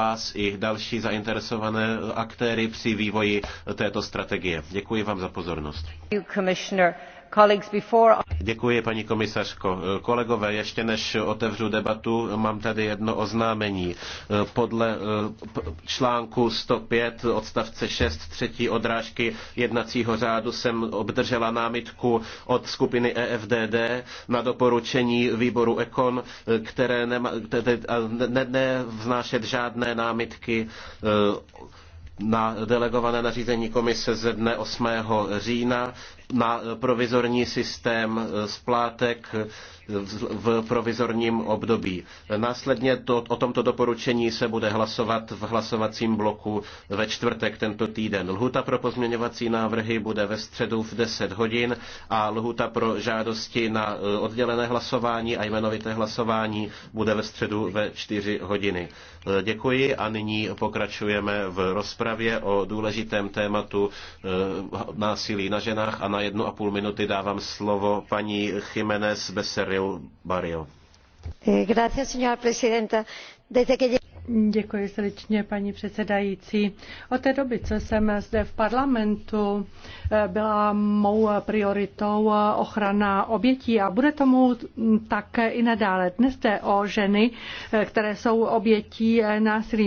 vás i další zainteresované aktéry při vývoji této strategie. Děkuji vám za pozornost. Děkuji, paní komisařko. Kolegové, ještě než otevřu debatu, mám tady jedno oznámení. Podle eh, článku 105 odstavce 6 třetí odrážky jednacího řádu jsem obdržela námitku od skupiny EFDD na doporučení výboru ECON, které nema, ne, ne, ne, žádné námitky eh, na delegované nařízení komise ze dne 8. října, na provizorní systém splátek v provizorním období. Následně to, o tomto doporučení se bude hlasovat v hlasovacím bloku ve čtvrtek tento týden. Lhuta pro pozměňovací návrhy bude ve středu v 10 hodin a lhuta pro žádosti na eh, oddělené hlasování a jmenovité hlasování bude ve středu ve 4 hodiny. Eh, děkuji a nyní pokračujeme v rozpravě rozpravě o důležitém tématu eh, násilí na ženách a na jednu a půl minuty dávám slovo paní Jiménez Becerril Barrio. Eh, Děkuji srdečně, paní předsedající. Od té doby, co jsem zde v parlamentu, eh, byla mou prioritou ochrana obětí a bude tomu tak i nadále. Dnes jde o ženy, které jsou obětí násilí.